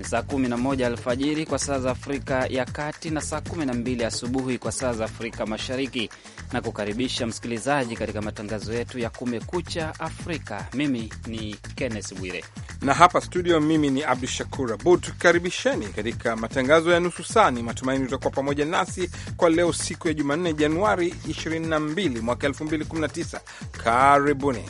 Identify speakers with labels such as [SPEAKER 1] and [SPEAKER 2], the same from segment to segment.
[SPEAKER 1] ni saa 11 alfajiri kwa saa za Afrika ya Kati na saa 12 asubuhi kwa saa za Afrika Mashariki, na kukaribisha msikilizaji katika matangazo yetu ya Kumekucha Afrika. Mimi ni Kenneth Bwire na hapa studio, mimi ni Abdu
[SPEAKER 2] Shakur Abud. Tukaribisheni katika matangazo ya nusu saa. Ni matumaini utakuwa pamoja nasi kwa leo, siku ya Jumanne, Januari 22 mwaka 2019. Karibuni.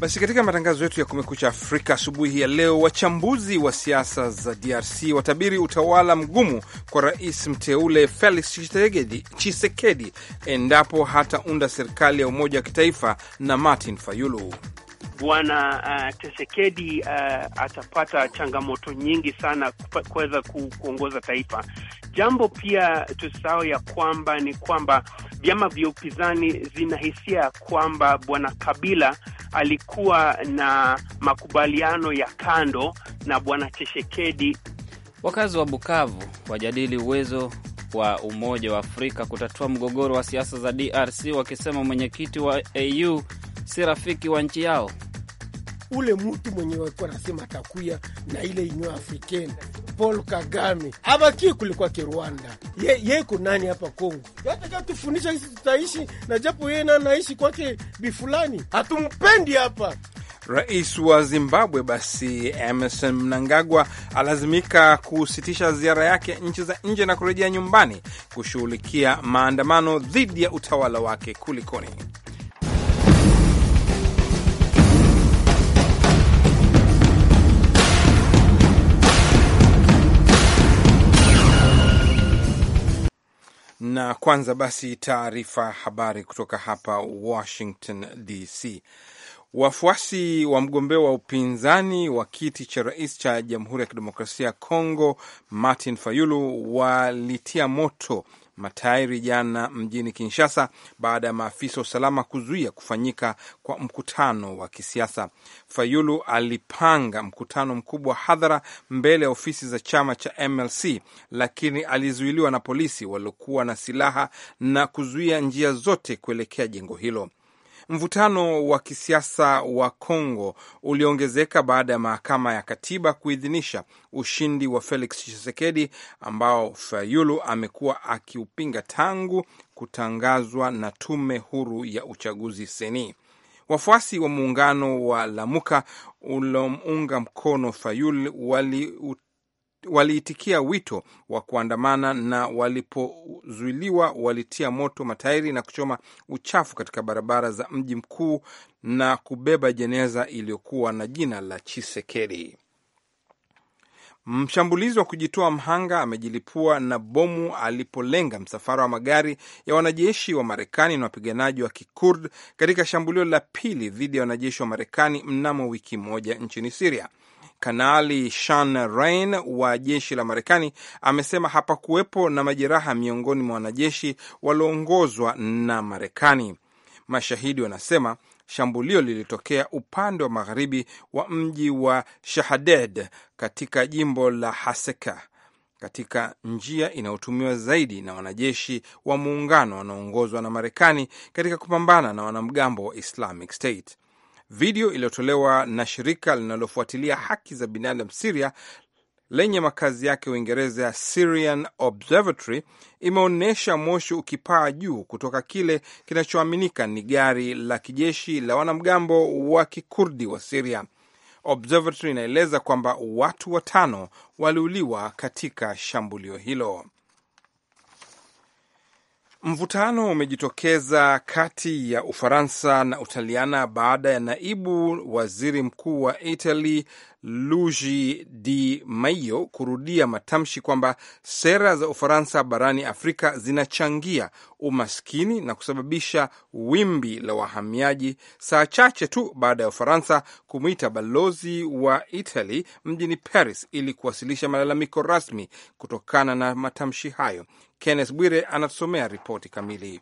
[SPEAKER 2] Basi katika matangazo yetu ya Kumekucha Afrika asubuhi ya leo, wachambuzi wa siasa za DRC watabiri utawala mgumu kwa rais mteule Felix Tshisekedi endapo hataunda serikali ya umoja wa kitaifa na Martin Fayulu.
[SPEAKER 3] Bwana uh, Tshisekedi uh, atapata changamoto nyingi sana kuweza kuongoza taifa. Jambo pia tusahau ya kwamba ni kwamba vyama vya upinzani zina hisia kwamba bwana Kabila alikuwa na makubaliano ya kando na bwana
[SPEAKER 1] Cheshekedi. Wakazi wa Bukavu wajadili uwezo wa Umoja wa Afrika kutatua mgogoro wa siasa za DRC wakisema mwenyekiti wa AU si rafiki wa nchi yao
[SPEAKER 3] ule mtu mwenye walikuwa nasema atakuya na ile inyo Africaine, Paul Kagame abakie kulikuwa Kirwanda, ye yeko nani hapa Kongo yataka tufundisha hisi tutaishi na japo yeye na naishi kwake bifulani,
[SPEAKER 2] hatumpendi hapa. Rais wa Zimbabwe basi Emerson Mnangagwa alazimika kusitisha ziara yake nchi za nje na kurejea nyumbani kushughulikia maandamano dhidi ya utawala wake. Kulikoni? Na kwanza basi taarifa habari kutoka hapa Washington DC. Wafuasi wa mgombea wa upinzani wa kiti cha rais cha Jamhuri ya Kidemokrasia ya Kongo Martin Fayulu walitia moto matairi jana mjini Kinshasa baada ya maafisa wa usalama kuzuia kufanyika kwa mkutano wa kisiasa. Fayulu alipanga mkutano mkubwa wa hadhara mbele ya ofisi za chama cha MLC, lakini alizuiliwa na polisi waliokuwa na silaha na kuzuia njia zote kuelekea jengo hilo. Mvutano wa kisiasa wa Kongo uliongezeka baada ya mahakama ya katiba kuidhinisha ushindi wa Felix Tshisekedi ambao Fayulu amekuwa akiupinga tangu kutangazwa na tume huru ya uchaguzi seni Wafuasi wa muungano wa Lamuka uliomunga mkono Fayul wali waliitikia wito wa kuandamana na walipozuiliwa walitia moto matairi na kuchoma uchafu katika barabara za mji mkuu na kubeba jeneza iliyokuwa na jina la Chisekedi. Mshambulizi wa kujitoa mhanga amejilipua na bomu alipolenga msafara wa magari ya wanajeshi wa Marekani na wapiganaji wa Kikurd katika shambulio la pili dhidi ya wanajeshi wa Marekani mnamo wiki moja nchini Siria. Kanali Shan rain wa jeshi la Marekani amesema hapakuwepo na majeraha miongoni mwa wanajeshi walioongozwa na Marekani. Mashahidi wanasema shambulio lilitokea upande wa magharibi wa mji wa Shahaded katika jimbo la Haseka katika njia inayotumiwa zaidi na wanajeshi wa muungano wanaoongozwa na Marekani katika kupambana na wanamgambo wa Islamic State. Video iliyotolewa na shirika linalofuatilia haki za binadamu Siria lenye makazi yake Uingereza ya Syrian Observatory imeonyesha moshi ukipaa juu kutoka kile kinachoaminika ni gari la kijeshi la wanamgambo wa kikurdi wa Siria. Observatory inaeleza kwamba watu watano waliuliwa katika shambulio hilo. Mvutano umejitokeza kati ya Ufaransa na Utaliana baada ya naibu waziri mkuu wa Italy Luigi Di Maio kurudia matamshi kwamba sera za Ufaransa barani Afrika zinachangia umaskini na kusababisha wimbi la wahamiaji, saa chache tu baada ya Ufaransa kumwita balozi wa Italy mjini Paris ili kuwasilisha malalamiko rasmi kutokana na matamshi hayo. Kenneth Bwire anatusomea ripoti kamili.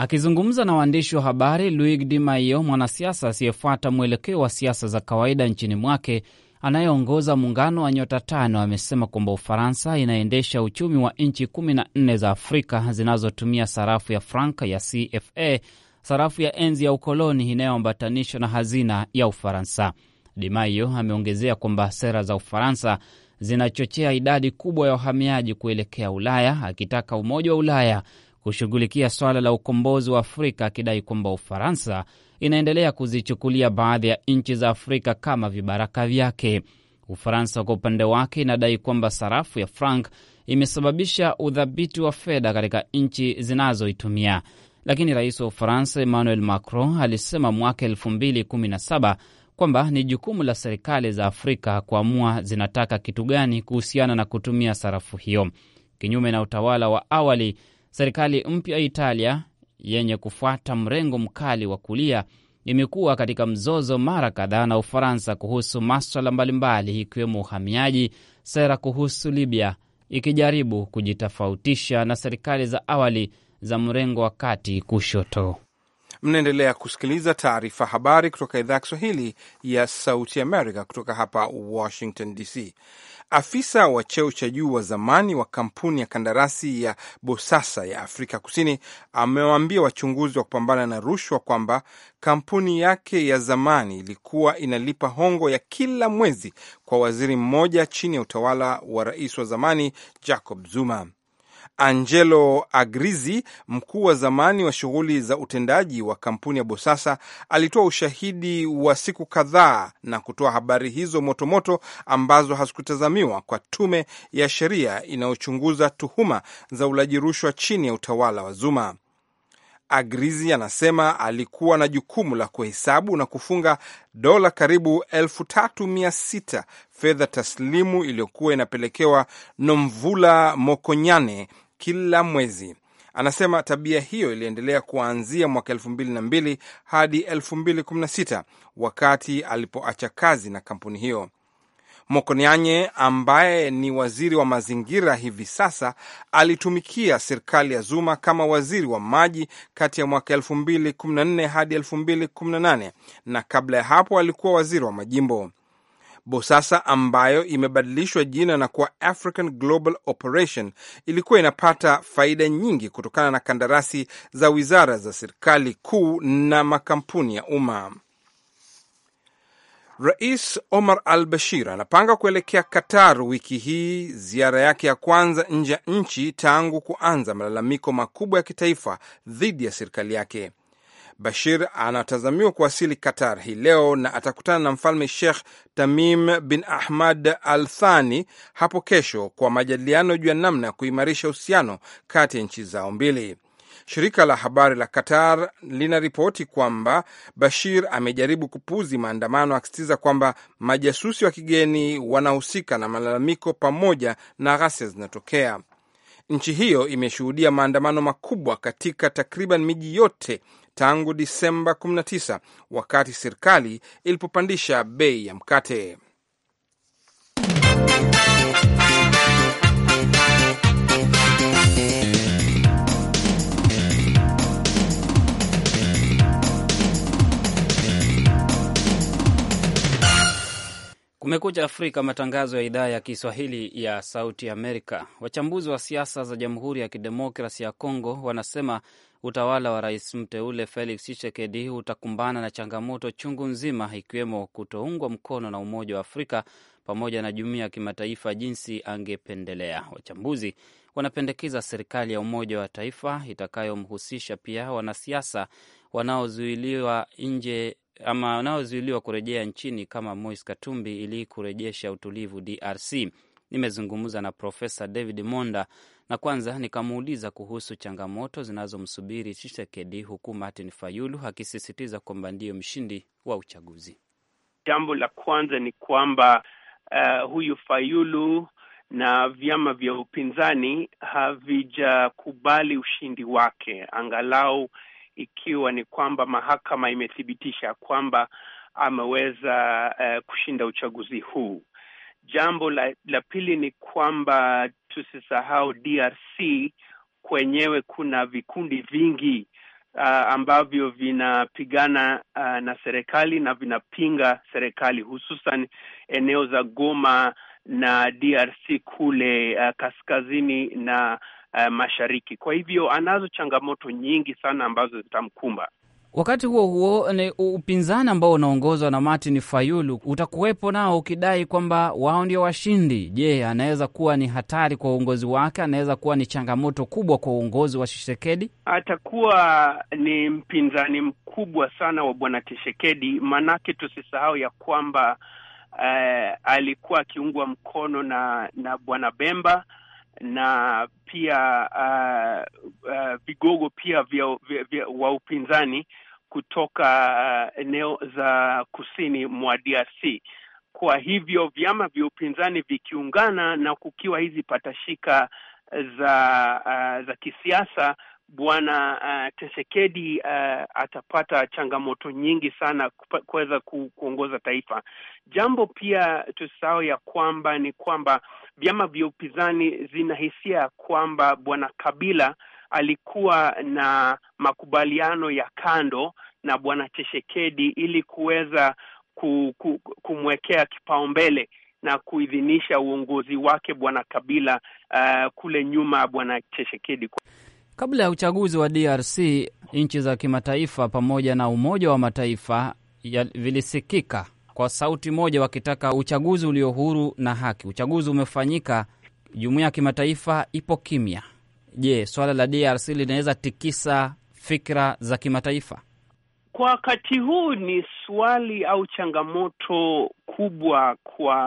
[SPEAKER 1] Akizungumza na waandishi wa habari, Luig Di Maio, mwanasiasa asiyefuata mwelekeo wa siasa za kawaida nchini mwake, anayeongoza muungano wa nyota tano, amesema kwamba Ufaransa inaendesha uchumi wa nchi kumi na nne za Afrika zinazotumia sarafu ya franka ya CFA, sarafu ya enzi ya ukoloni inayoambatanishwa na hazina ya Ufaransa. Di Maio ameongezea kwamba sera za Ufaransa zinachochea idadi kubwa ya wahamiaji kuelekea Ulaya, akitaka Umoja wa Ulaya kushughulikia swala la ukombozi wa Afrika, akidai kwamba Ufaransa inaendelea kuzichukulia baadhi ya nchi za Afrika kama vibaraka vyake. Ufaransa kwa upande wake inadai kwamba sarafu ya franc imesababisha udhabiti wa fedha katika nchi zinazoitumia. Lakini rais wa Ufaransa Emmanuel Macron alisema mwaka 2017 kwamba ni jukumu la serikali za Afrika kuamua zinataka kitu gani kuhusiana na kutumia sarafu hiyo, kinyume na utawala wa awali Serikali mpya ya Italia yenye kufuata mrengo mkali wa kulia imekuwa katika mzozo mara kadhaa na Ufaransa kuhusu maswala mbalimbali ikiwemo uhamiaji, sera kuhusu Libya, ikijaribu kujitofautisha na serikali za awali za mrengo wa kati kushoto.
[SPEAKER 2] Mnaendelea kusikiliza taarifa habari kutoka idhaa ya Kiswahili ya Sauti Amerika kutoka hapa Washington DC. Afisa wa cheo cha juu wa zamani wa kampuni ya kandarasi ya Bosasa ya Afrika Kusini amewaambia wachunguzi wa kupambana na rushwa kwamba kampuni yake ya zamani ilikuwa inalipa hongo ya kila mwezi kwa waziri mmoja chini ya utawala wa rais wa zamani Jacob Zuma. Angelo Agrizi, mkuu wa zamani wa shughuli za utendaji wa kampuni ya Bosasa, alitoa ushahidi wa siku kadhaa na kutoa habari hizo motomoto ambazo hazikutazamiwa kwa tume ya sheria inayochunguza tuhuma za ulaji rushwa chini ya utawala wa Zuma. Agrizi anasema alikuwa na jukumu la kuhesabu na kufunga dola karibu elfu tatu mia sita fedha taslimu iliyokuwa inapelekewa Nomvula Mokonyane kila mwezi. Anasema tabia hiyo iliendelea kuanzia mwaka elfu mbili na mbili hadi elfu mbili kumi na sita wakati alipoacha kazi na kampuni hiyo. Mokonyanye ambaye ni waziri wa mazingira hivi sasa alitumikia serikali ya Zuma kama waziri wa maji kati ya mwaka 2014 hadi 2018 na kabla ya hapo alikuwa waziri wa majimbo. Bosasa ambayo imebadilishwa jina na kuwa African Global Operation ilikuwa inapata faida nyingi kutokana na kandarasi za wizara za serikali kuu na makampuni ya umma. Rais Omar Al Bashir anapanga kuelekea Qatar wiki hii, ziara yake ya kwanza nje ya nchi tangu kuanza malalamiko makubwa ya kitaifa dhidi ya serikali yake. Bashir anatazamiwa kuwasili Qatar hii leo na atakutana na mfalme Sheikh Tamim bin Ahmad Al Thani hapo kesho kwa majadiliano juu ya namna ya kuimarisha uhusiano kati ya nchi zao mbili. Shirika la habari la Qatar linaripoti kwamba Bashir amejaribu kupuzi maandamano, akisitiza kwamba majasusi wa kigeni wanahusika na malalamiko pamoja na ghasia zinatokea. Nchi hiyo imeshuhudia maandamano makubwa katika takriban miji yote tangu Disemba 19 wakati serikali ilipopandisha bei ya mkate.
[SPEAKER 1] Kumekucha Afrika, matangazo ya idhaa ya Kiswahili ya Sauti Amerika. Wachambuzi wa siasa za Jamhuri ya Kidemokrasi ya Kongo wanasema utawala wa rais mteule Felix Tshisekedi utakumbana na changamoto chungu nzima, ikiwemo kutoungwa mkono na Umoja wa Afrika pamoja na jumuiya ya kimataifa jinsi angependelea. Wachambuzi wanapendekeza serikali ya umoja wa taifa itakayomhusisha pia wanasiasa wanaozuiliwa nje ama wanaozuiliwa kurejea nchini kama Moise Katumbi ili kurejesha utulivu DRC. Nimezungumza na Profesa David Monda na kwanza nikamuuliza kuhusu changamoto zinazomsubiri Chisekedi, huku Martin Fayulu akisisitiza kwamba ndiyo mshindi wa uchaguzi.
[SPEAKER 3] Jambo la kwanza ni kwamba uh, huyu Fayulu na vyama vya upinzani havijakubali ushindi wake, angalau ikiwa ni kwamba mahakama imethibitisha kwamba ameweza uh, kushinda uchaguzi huu. Jambo la, la pili ni kwamba tusisahau DRC kwenyewe kuna vikundi vingi uh, ambavyo vinapigana uh, na serikali na vinapinga serikali hususan eneo za Goma na DRC kule uh, kaskazini na uh, mashariki. Kwa hivyo anazo changamoto nyingi sana ambazo zitamkumba.
[SPEAKER 1] Wakati huo huo ni upinzani ambao unaongozwa na Martin Fayulu utakuwepo nao ukidai kwamba wao ndio washindi. Je, anaweza kuwa ni hatari kwa uongozi wake? Anaweza kuwa ni changamoto kubwa kwa uongozi wa Tshisekedi?
[SPEAKER 3] Atakuwa ni mpinzani mkubwa sana wa bwana Tshisekedi, maanake tusisahau ya kwamba uh, alikuwa akiungwa mkono na na bwana Bemba na pia vigogo uh, uh, pia vya, vya, vya, wa upinzani kutoka uh, eneo za kusini mwa DRC. Kwa hivyo vyama vya upinzani vikiungana na kukiwa hizi patashika za uh, za kisiasa Bwana uh, Tshisekedi uh, atapata changamoto nyingi sana kuweza ku, kuongoza taifa. Jambo pia tusahau ya kwamba ni kwamba vyama vya upinzani zina hisia kwamba Bwana Kabila alikuwa na makubaliano ya kando na Bwana Tshisekedi ili kuweza ku, ku, kumwekea kipaumbele na kuidhinisha uongozi wake Bwana Kabila uh, kule nyuma Bwana Tshisekedi.
[SPEAKER 1] Kabla ya uchaguzi wa DRC, nchi za kimataifa pamoja na Umoja wa Mataifa vilisikika kwa sauti moja wakitaka uchaguzi ulio huru na haki. Uchaguzi umefanyika, jumuiya ya kimataifa ipo kimya. Je, swala la DRC linaweza tikisa fikra za kimataifa?
[SPEAKER 3] Kwa wakati huu ni swali au changamoto kubwa kwa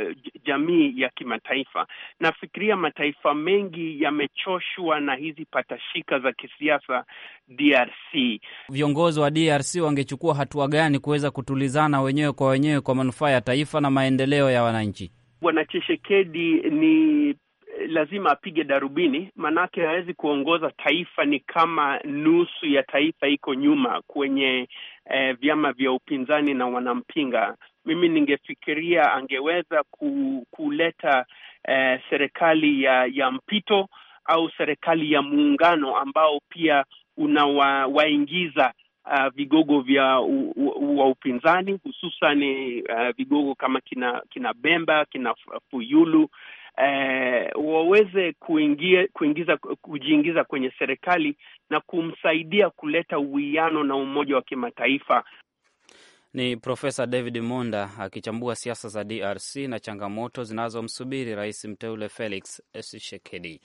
[SPEAKER 3] uh, jamii ya kimataifa. Nafikiria mataifa mengi yamechoshwa na hizi patashika za kisiasa
[SPEAKER 1] DRC. Viongozi wa DRC wangechukua hatua gani kuweza kutulizana wenyewe kwa wenyewe kwa manufaa ya taifa na maendeleo ya wananchi?
[SPEAKER 3] Bwana Cheshekedi ni Eh, lazima apige darubini, maanake hawezi kuongoza taifa. Ni kama nusu ya taifa iko nyuma kwenye eh, vyama vya upinzani na wanampinga. Mimi ningefikiria angeweza ku, kuleta eh, serikali ya, ya mpito au serikali ya muungano ambao pia unawaingiza uh, vigogo vya u, u, wa upinzani hususan uh, vigogo kama kina kina Bemba kina Fuyulu eh, waweze kuingia, kuingiza, kujiingiza kwenye serikali na kumsaidia kuleta uwiano na umoja wa kimataifa.
[SPEAKER 1] Ni Profesa David Monda akichambua siasa za DRC na changamoto zinazomsubiri rais mteule Felix Tshisekedi.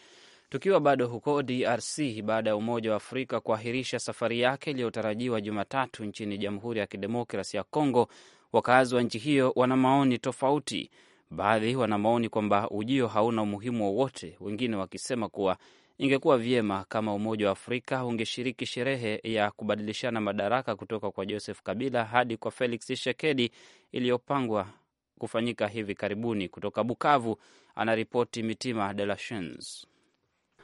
[SPEAKER 1] Tukiwa bado huko DRC, baada ya Umoja wa Afrika kuahirisha safari yake iliyotarajiwa Jumatatu nchini Jamhuri ya Kidemokrasi ya congo wakazi wa nchi hiyo wana maoni tofauti. Baadhi wana maoni kwamba ujio hauna umuhimu wowote, wengine wakisema kuwa ingekuwa vyema kama Umoja wa Afrika ungeshiriki sherehe ya kubadilishana madaraka kutoka kwa Joseph Kabila hadi kwa Felix Tshisekedi iliyopangwa kufanyika hivi karibuni. Kutoka Bukavu anaripoti Mitima De La Shans.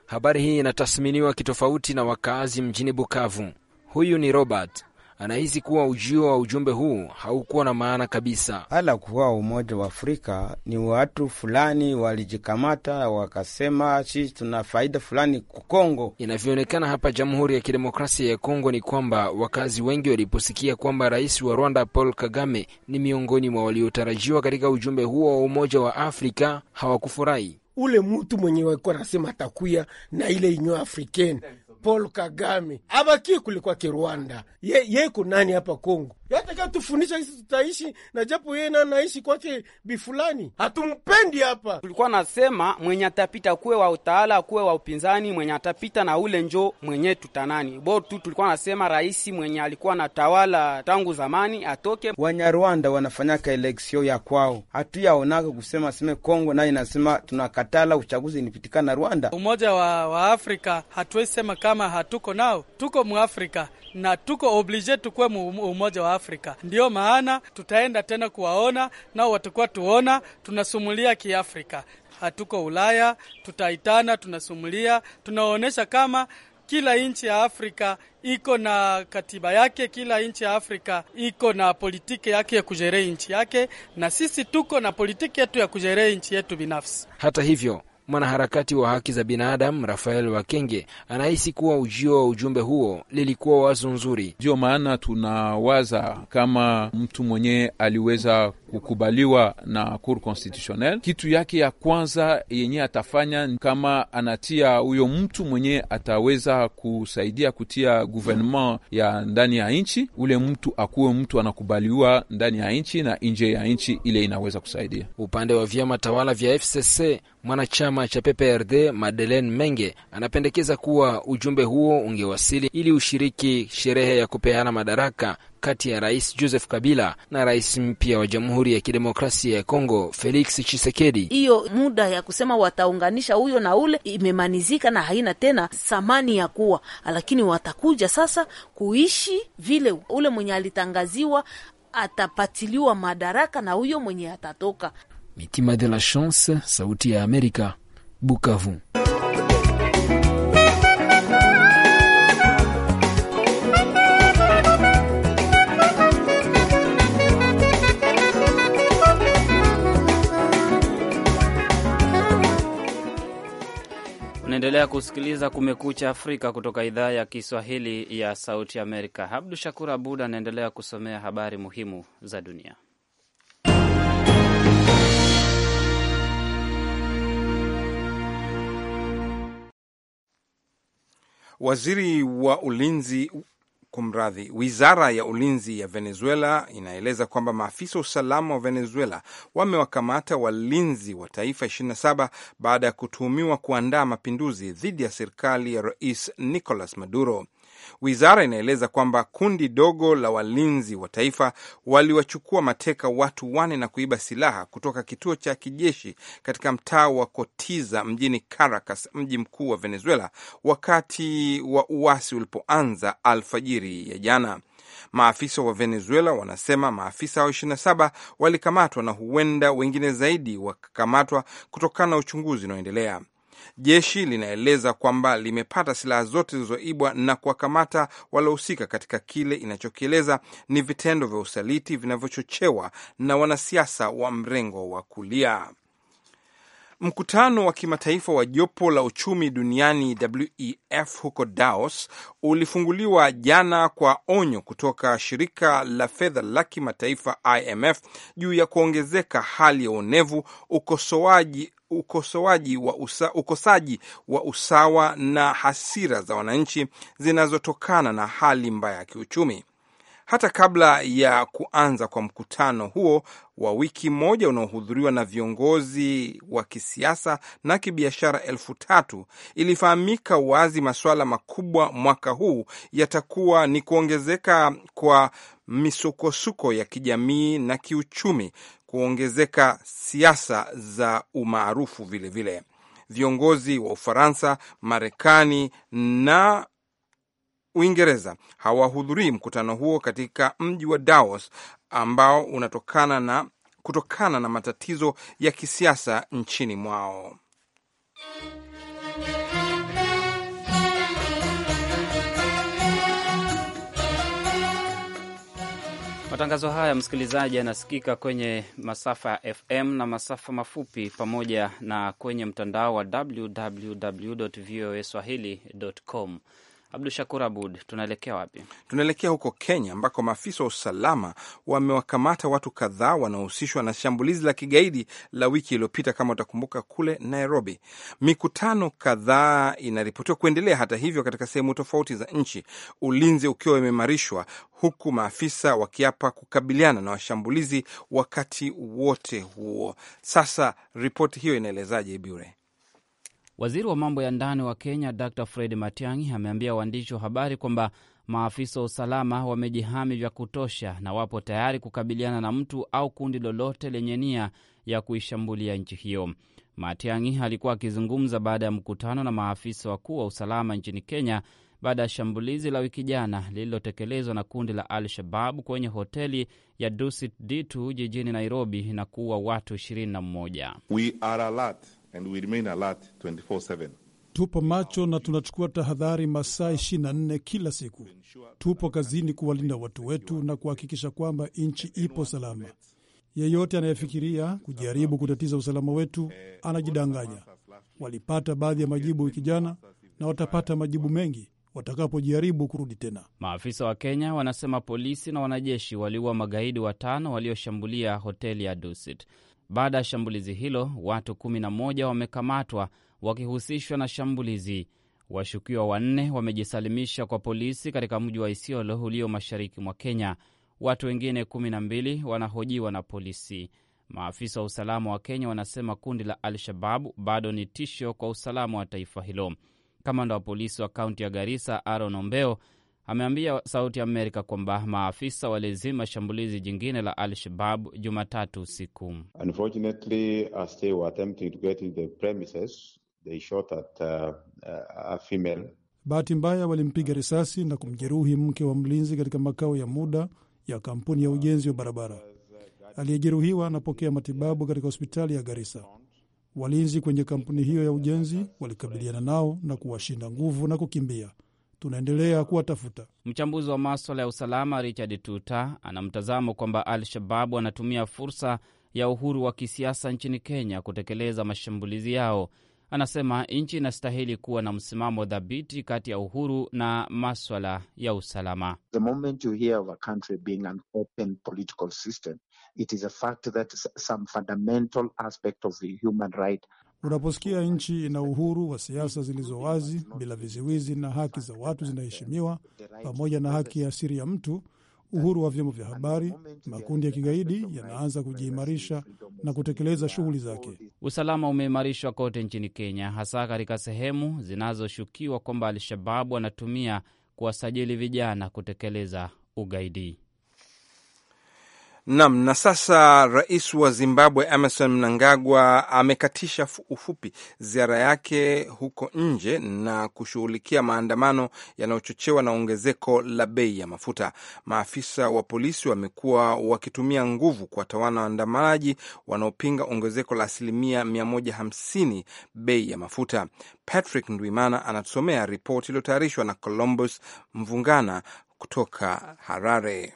[SPEAKER 4] Habari hii inatathminiwa kitofauti na wakazi mjini Bukavu. Huyu ni Robert anahisi kuwa ujio wa ujumbe huu haukuwa na maana kabisa. Hala kuwa Umoja wa Afrika ni watu fulani walijikamata wakasema sisi tuna faida fulani ku Kongo. Inavyoonekana hapa Jamhuri ya Kidemokrasia ya Kongo ni kwamba wakazi wengi waliposikia kwamba rais wa Rwanda Paul Kagame ni miongoni mwa waliotarajiwa katika ujumbe huo wa Umoja wa Afrika hawakufurahi.
[SPEAKER 3] Ule mutu mwenye walikuwa anasema atakuya na ile inyo afrikani Paul Kagame abakie kulikuwa Kirwanda ye, ye kunani hapa Kongo hata tufundisha sisi tutaishi na japo yeye na naishi kwake bifulani, hatumpendi
[SPEAKER 4] hapa. Tulikuwa nasema mwenye atapita kuwe wa utawala kuwe wa upinzani, mwenye atapita na ule njo mwenye tutanani bo tu. Tulikuwa nasema rais mwenye alikuwa na tawala tangu zamani atoke. Wanyarwanda wanafanyaka eleksio ya kwao, hatuyaonaka kusema seme Kongo naye nasema tunakatala uchaguzi inipitikana Rwanda. Umoja wa, wa Afrika hatuwezi
[SPEAKER 5] sema kama hatuko nao, tuko muafrika na tuko oblige tukuwe mu umoja wa Afrika. Ndiyo maana tutaenda tena kuwaona nao, watakuwa tuona tunasumulia Kiafrika, hatuko Ulaya. Tutaitana, tunasumulia, tunaonyesha kama kila nchi ya Afrika iko na katiba yake, kila nchi ya Afrika iko na politiki yake ya kujerei nchi yake, na sisi tuko na politiki yetu ya kujerei nchi yetu binafsi.
[SPEAKER 4] Hata hivyo Mwanaharakati wa haki za binadamu Rafael Wakenge anahisi kuwa ujio wa ujumbe huo lilikuwa wazo nzuri. Ndio maana tunawaza kama mtu mwenyewe aliweza kukubaliwa na Cour Constitutionnelle. Kitu yake ya kwanza yenye atafanya kama anatia huyo mtu mwenye ataweza kusaidia kutia gouvernement ya ndani ya nchi, ule mtu akuwe mtu anakubaliwa ndani ya nchi na nje ya nchi, ile inaweza kusaidia upande wa vyama tawala vya FCC. Mwanachama cha PPRD Madeleine Menge anapendekeza kuwa ujumbe huo ungewasili ili ushiriki sherehe ya kupeana madaraka kati ya Rais Joseph Kabila na rais mpya wa Jamhuri ya Kidemokrasia ya Kongo Felix Tshisekedi. Hiyo muda ya kusema wataunganisha huyo na ule imemanizika na haina tena thamani ya kuwa, lakini watakuja sasa kuishi vile ule mwenye alitangaziwa atapatiliwa madaraka na huyo mwenye atatoka. Mitima de la Chance, Sauti ya Amerika, Bukavu.
[SPEAKER 1] Unaendelea kusikiliza Kumekucha Afrika kutoka idhaa ya Kiswahili ya Sauti Amerika. Abdu Shakur Abud anaendelea kusomea habari muhimu za dunia.
[SPEAKER 2] Waziri wa ulinzi Kumradhi, wizara ya ulinzi ya Venezuela inaeleza kwamba maafisa wa usalama wa Venezuela wamewakamata walinzi wa taifa 27 baada ya kutuhumiwa kuandaa mapinduzi dhidi ya serikali ya rais Nicolas Maduro. Wizara inaeleza kwamba kundi dogo la walinzi wa taifa waliwachukua mateka watu wane na kuiba silaha kutoka kituo cha kijeshi katika mtaa wa Kotiza mjini Caracas, mji mkuu wa Venezuela, wakati wa uasi ulipoanza alfajiri ya jana. Maafisa wa Venezuela wanasema maafisa hao saba walikamatwa na huenda wengine zaidi wakakamatwa kutokana na uchunguzi unaoendelea. Jeshi linaeleza kwamba limepata silaha zote zilizoibwa na kuwakamata waliohusika katika kile inachokieleza ni vitendo vya usaliti vinavyochochewa na wanasiasa wa mrengo wa kulia. Mkutano wa kimataifa wa jopo la uchumi duniani WEF huko Davos ulifunguliwa jana kwa onyo kutoka shirika la fedha la kimataifa IMF juu ya kuongezeka hali ya uonevu, ukosoaji ukosoaji wa usa, ukosaji wa usawa na hasira za wananchi zinazotokana na hali mbaya ya kiuchumi. Hata kabla ya kuanza kwa mkutano huo wa wiki moja unaohudhuriwa na viongozi wa kisiasa na kibiashara elfu tatu ilifahamika wazi masuala makubwa mwaka huu yatakuwa ni kuongezeka kwa misukosuko ya kijamii na kiuchumi kuongezeka siasa za umaarufu vilevile. Viongozi wa Ufaransa, Marekani na Uingereza hawahudhurii mkutano huo katika mji wa Davos ambao unatokana na kutokana na matatizo ya kisiasa nchini mwao.
[SPEAKER 1] Matangazo haya msikilizaji, yanasikika kwenye masafa ya FM na masafa mafupi pamoja na kwenye mtandao wa www voa swahili.com. Abdu Shakur Abud, tunaelekea wapi?
[SPEAKER 2] Tunaelekea huko Kenya ambako maafisa wa usalama wamewakamata watu kadhaa wanaohusishwa na shambulizi la kigaidi la wiki iliyopita, kama utakumbuka, kule Nairobi. Mikutano kadhaa inaripotiwa kuendelea, hata hivyo, katika sehemu tofauti za nchi, ulinzi ukiwa umeimarishwa, huku maafisa wakiapa kukabiliana na washambulizi wakati wote huo. Sasa ripoti hiyo inaelezaje, Bure?
[SPEAKER 1] Waziri wa mambo ya ndani wa Kenya Dr Fred Matiang'i ameambia waandishi wa habari kwamba maafisa wa usalama wamejihami vya kutosha na wapo tayari kukabiliana na mtu au kundi lolote lenye nia ya kuishambulia nchi hiyo. Matiang'i alikuwa akizungumza baada ya mkutano na maafisa wakuu wa usalama nchini Kenya baada ya shambulizi la wiki jana lililotekelezwa na kundi la Al Shabab kwenye hoteli ya Dusit D2 jijini Nairobi na kuua watu 21. We
[SPEAKER 2] are alert and we remain alert 24/7.
[SPEAKER 5] Tupo macho na tunachukua tahadhari masaa 24 kila siku. Tupo kazini kuwalinda watu wetu na kuhakikisha kwamba nchi ipo salama. Yeyote anayefikiria kujaribu kutatiza usalama wetu anajidanganya. Walipata baadhi ya majibu wiki jana na watapata majibu mengi watakapojaribu kurudi tena.
[SPEAKER 1] Maafisa wa Kenya wanasema polisi na wanajeshi waliua magaidi watano walioshambulia hoteli ya Dusit. Baada ya shambulizi hilo, watu 11 wamekamatwa wakihusishwa na shambulizi. Washukiwa wanne wamejisalimisha kwa polisi katika mji wa Isiolo ulio mashariki mwa Kenya. Watu wengine 12 wanahojiwa na polisi. Maafisa wa usalama wa Kenya wanasema kundi la al shabab bado ni tisho kwa usalama wa taifa hilo. Kamanda wa polisi wa kaunti ya Garissa, Aaron Ombeo, ameambia Sauti Amerika kwamba maafisa walizima shambulizi jingine la Al-Shabab Jumatatu usiku.
[SPEAKER 5] Uh, uh, uh, Bahati mbaya walimpiga risasi na kumjeruhi mke wa mlinzi katika makao ya muda ya kampuni ya ujenzi wa barabara. Aliyejeruhiwa anapokea matibabu katika hospitali ya Garisa. Walinzi kwenye kampuni hiyo ya ujenzi walikabiliana nao na kuwashinda nguvu na kukimbia tunaendelea kuwatafuta.
[SPEAKER 1] Mchambuzi wa maswala ya usalama Richard Tuta ana mtazamo kwamba Al-Shababu anatumia fursa ya uhuru wa kisiasa nchini Kenya kutekeleza mashambulizi yao. Anasema nchi inastahili kuwa na msimamo dhabiti kati ya uhuru na maswala ya usalama.
[SPEAKER 3] The moment you hear of a country being an open political system, it is a fact that some fundamental aspect of the human
[SPEAKER 1] right
[SPEAKER 5] Unaposikia nchi ina uhuru wa siasa zilizo wazi bila viziwizi, na haki za watu zinaheshimiwa pamoja na haki ya asiri ya mtu, uhuru wa vyombo vya habari, makundi ya kigaidi yanaanza kujiimarisha na kutekeleza shughuli zake.
[SPEAKER 1] Usalama umeimarishwa kote nchini Kenya, hasa katika sehemu zinazoshukiwa kwamba Al-Shababu wanatumia kuwasajili vijana kutekeleza ugaidi. Nam. Na sasa rais wa Zimbabwe Emerson Mnangagwa
[SPEAKER 2] amekatisha ufupi ziara yake huko nje na kushughulikia maandamano yanayochochewa na ongezeko la bei ya mafuta. Maafisa wa polisi wamekuwa wakitumia nguvu kuwatawana waandamanaji wanaopinga ongezeko la asilimia 150 bei ya mafuta. Patrick Ndwimana anatusomea ripoti iliyotayarishwa na Columbus Mvungana kutoka Harare.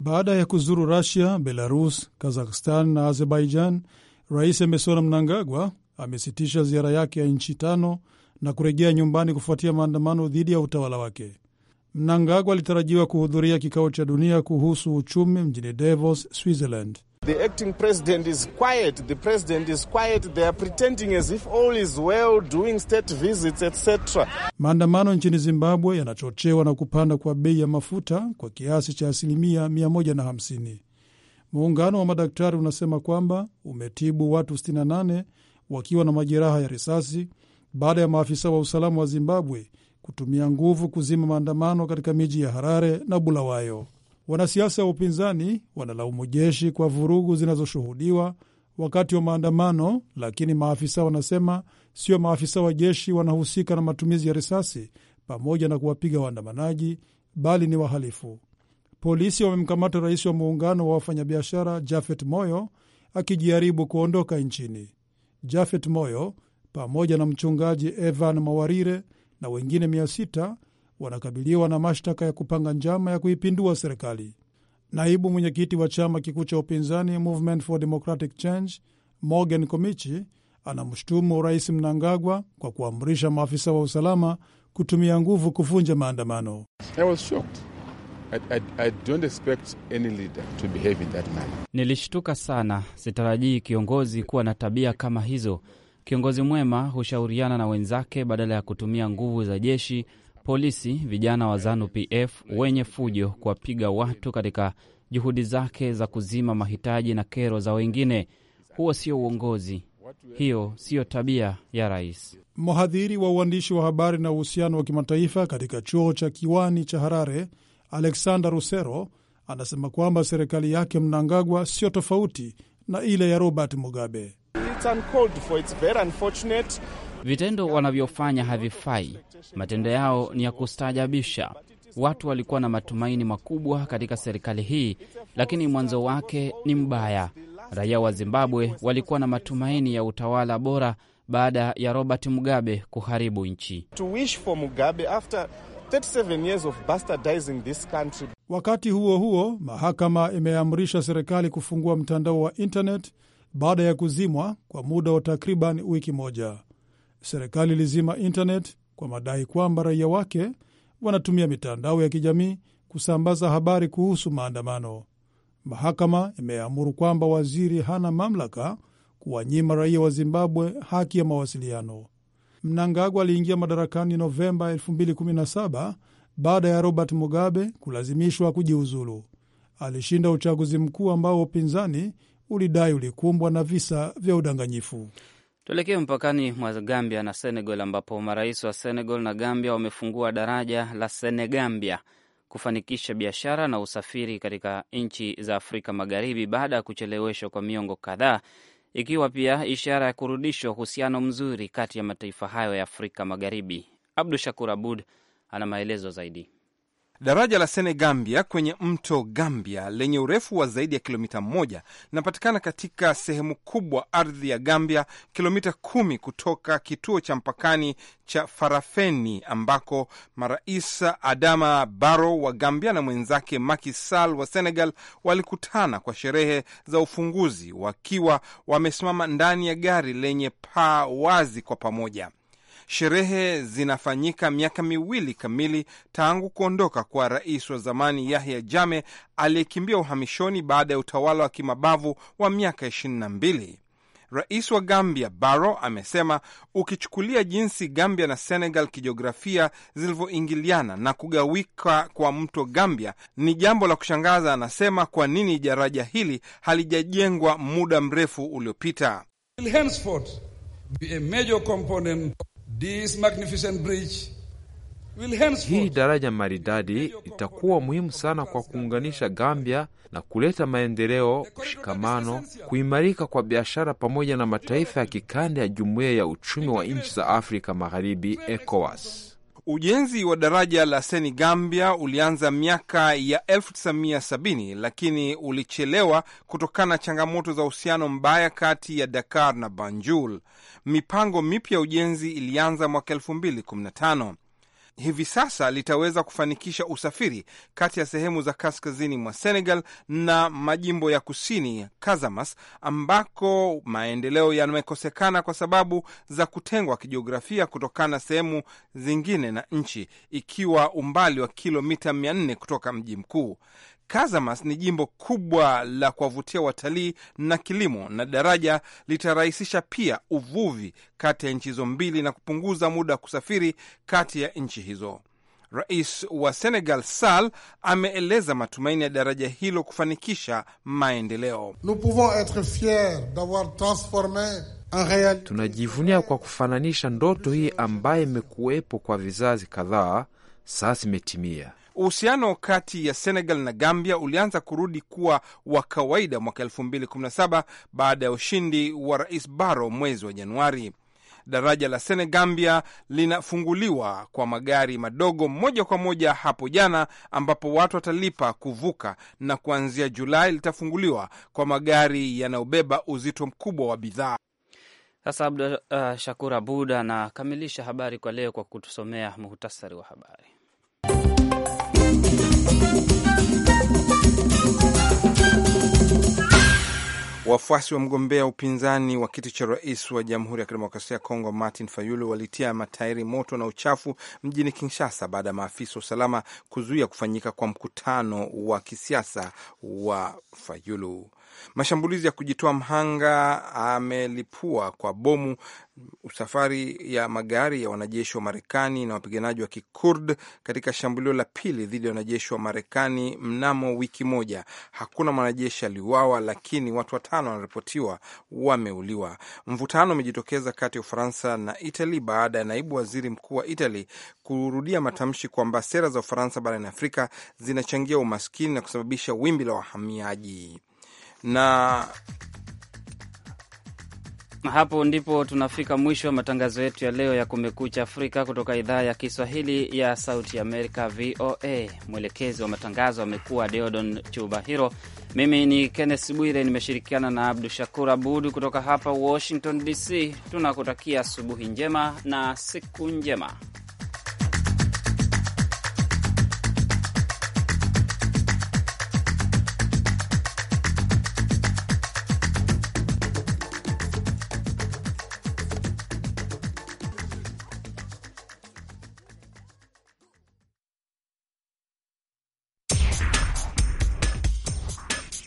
[SPEAKER 5] Baada ya kuzuru Rusia, Belarus, Kazakhstan na Azerbaijan, Rais Emmerson Mnangagwa amesitisha ziara yake ya nchi tano na kurejea nyumbani kufuatia maandamano dhidi ya utawala wake. Mnangagwa alitarajiwa kuhudhuria kikao cha dunia kuhusu uchumi mjini Davos, Switzerland.
[SPEAKER 2] The acting president is quiet. The president is quiet. They
[SPEAKER 4] are pretending as if all is well, doing state visits, etc.
[SPEAKER 5] Maandamano nchini Zimbabwe yanachochewa na kupanda kwa bei ya mafuta kwa kiasi cha asilimia 150. Muungano wa madaktari unasema kwamba umetibu watu 68 wakiwa na majeraha ya risasi baada ya maafisa wa usalama wa Zimbabwe kutumia nguvu kuzima maandamano katika miji ya Harare na Bulawayo. Wanasiasa wa upinzani wanalaumu jeshi kwa vurugu zinazoshuhudiwa wakati wa maandamano, lakini maafisa wanasema sio maafisa wa jeshi wanahusika na matumizi ya risasi pamoja na kuwapiga waandamanaji, bali ni wahalifu. Polisi wamemkamata rais wa muungano wa wafanyabiashara Jafet Moyo akijaribu kuondoka nchini. Jafet Moyo pamoja na mchungaji Evan Mawarire na wengine mia sita wanakabiliwa na mashtaka ya kupanga njama ya kuipindua serikali. Naibu mwenyekiti wa chama kikuu cha upinzani Movement for Democratic Change Morgan Komichi anamshutumu Rais Mnangagwa kwa kuamrisha maafisa wa usalama kutumia nguvu kuvunja maandamano.
[SPEAKER 1] Nilishtuka sana, sitarajii kiongozi kuwa na tabia kama hizo. Kiongozi mwema hushauriana na wenzake badala ya kutumia nguvu za jeshi polisi vijana wa ZANU-PF wenye fujo kuwapiga watu katika juhudi zake za kuzima mahitaji na kero za wengine. Huo sio uongozi, hiyo siyo tabia ya rais.
[SPEAKER 5] Mhadhiri wa uandishi wa habari na uhusiano wa kimataifa katika chuo cha Kiwani cha Harare, Alexander Rusero, anasema kwamba serikali yake Mnangagwa sio tofauti na ile ya Robert Mugabe.
[SPEAKER 1] It's Vitendo wanavyofanya havifai, matendo yao ni ya kustaajabisha. Watu walikuwa na matumaini makubwa katika serikali hii, lakini mwanzo wake ni mbaya. Raia wa Zimbabwe walikuwa na matumaini ya utawala bora baada ya Robert Mugabe kuharibu nchi.
[SPEAKER 2] To wish for Mugabe after 37 years of bastardizing this country.
[SPEAKER 5] Wakati huo huo, mahakama imeamrisha serikali kufungua mtandao wa internet baada ya kuzimwa kwa muda wa takriban wiki moja serikali ilizima internet kwa madai kwamba raia wake wanatumia mitandao ya kijamii kusambaza habari kuhusu maandamano. Mahakama imeamuru kwamba waziri hana mamlaka kuwanyima raia wa Zimbabwe haki ya mawasiliano. Mnangagwa aliingia madarakani Novemba 2017 baada ya Robert Mugabe kulazimishwa kujiuzulu. Alishinda uchaguzi mkuu ambao upinzani ulidai ulikumbwa na visa vya udanganyifu.
[SPEAKER 1] Tuelekee mpakani mwa Gambia na Senegal, ambapo marais wa Senegal na Gambia wamefungua daraja la Senegambia kufanikisha biashara na usafiri katika nchi za Afrika Magharibi baada ya kucheleweshwa kwa miongo kadhaa, ikiwa pia ishara ya kurudishwa uhusiano mzuri kati ya mataifa hayo ya Afrika Magharibi. Abdu Shakur Abud ana maelezo zaidi.
[SPEAKER 2] Daraja la Senegambia kwenye mto Gambia lenye urefu wa zaidi ya kilomita moja linapatikana katika sehemu kubwa ardhi ya Gambia, kilomita kumi kutoka kituo cha mpakani cha Farafeni ambako marais Adama Barrow wa Gambia na mwenzake Macky Sall wa Senegal walikutana kwa sherehe za ufunguzi wakiwa wamesimama ndani ya gari lenye paa wazi kwa pamoja. Sherehe zinafanyika miaka miwili kamili tangu kuondoka kwa rais wa zamani Yahya jame aliyekimbia uhamishoni baada ya utawala wa kimabavu wa miaka 22. Rais wa Gambia Barrow amesema ukichukulia jinsi Gambia na Senegal kijiografia zilivyoingiliana na kugawika kwa mto Gambia ni jambo la kushangaza. Anasema kwa nini daraja hili halijajengwa muda mrefu uliopita. This magnificent bridge
[SPEAKER 4] hii daraja maridadi itakuwa muhimu sana kwa kuunganisha Gambia na kuleta maendeleo, kushikamano, kuimarika kwa biashara pamoja na mataifa ya kikanda ya jumuiya ya uchumi wa nchi za Afrika Magharibi, ECOWAS.
[SPEAKER 2] Ujenzi wa daraja la Seni Gambia ulianza miaka ya 1970 lakini ulichelewa kutokana na changamoto za uhusiano mbaya kati ya Dakar na Banjul mipango mipya ya ujenzi ilianza mwaka 2015. Hivi sasa litaweza kufanikisha usafiri kati ya sehemu za kaskazini mwa Senegal na majimbo ya kusini kazamas ambako maendeleo yamekosekana kwa sababu za kutengwa kijiografia kutokana na sehemu zingine na nchi, ikiwa umbali wa kilomita 400 kutoka mji mkuu. Kazamas ni jimbo kubwa la kuwavutia watalii na kilimo, na daraja litarahisisha pia uvuvi kati ya nchi hizo mbili na kupunguza muda wa kusafiri kati ya nchi hizo. Rais wa Senegal Sall ameeleza matumaini ya daraja hilo kufanikisha maendeleo.
[SPEAKER 4] Tunajivunia kwa kufananisha ndoto hii ambayo imekuwepo kwa vizazi kadhaa, sasa imetimia.
[SPEAKER 2] Uhusiano kati ya Senegal na Gambia ulianza kurudi kuwa wa kawaida mwaka 2017 baada ya ushindi wa Rais Barrow mwezi wa Januari. Daraja la Senegambia linafunguliwa kwa magari madogo moja kwa moja hapo jana, ambapo watu watalipa kuvuka, na kuanzia Julai litafunguliwa kwa magari yanayobeba uzito mkubwa wa bidhaa.
[SPEAKER 1] Sasa Abdu uh, Shakur Abud anakamilisha habari kwa leo kwa kutusomea muhtasari wa habari.
[SPEAKER 2] Wafuasi wa mgombea upinzani wa kiti cha rais wa Jamhuri ya Kidemokrasia ya Kongo Martin Fayulu walitia matairi moto na uchafu mjini Kinshasa baada ya maafisa wa usalama kuzuia kufanyika kwa mkutano wa kisiasa wa Fayulu. Mashambulizi ya kujitoa mhanga amelipua kwa bomu usafari ya magari ya wanajeshi wa Marekani na wapiganaji wa Kikurd katika shambulio la pili dhidi ya wanajeshi wa Marekani mnamo wiki moja. Hakuna mwanajeshi aliuawa, lakini watu watano wanaripotiwa wameuliwa. Mvutano umejitokeza kati ya Ufaransa na Itali baada ya naibu waziri mkuu wa Itali kurudia matamshi kwamba sera za Ufaransa barani Afrika zinachangia umaskini na kusababisha wimbi la wahamiaji
[SPEAKER 1] na hapo ndipo tunafika mwisho wa matangazo yetu ya leo ya Kumekucha Afrika kutoka idhaa ya Kiswahili ya Sauti Amerika, VOA. Mwelekezi wa matangazo amekuwa Deodon Chubahiro. Mimi ni Kenneth Bwire, nimeshirikiana na Abdu Shakur Abud kutoka hapa Washington DC. Tunakutakia asubuhi njema na siku njema.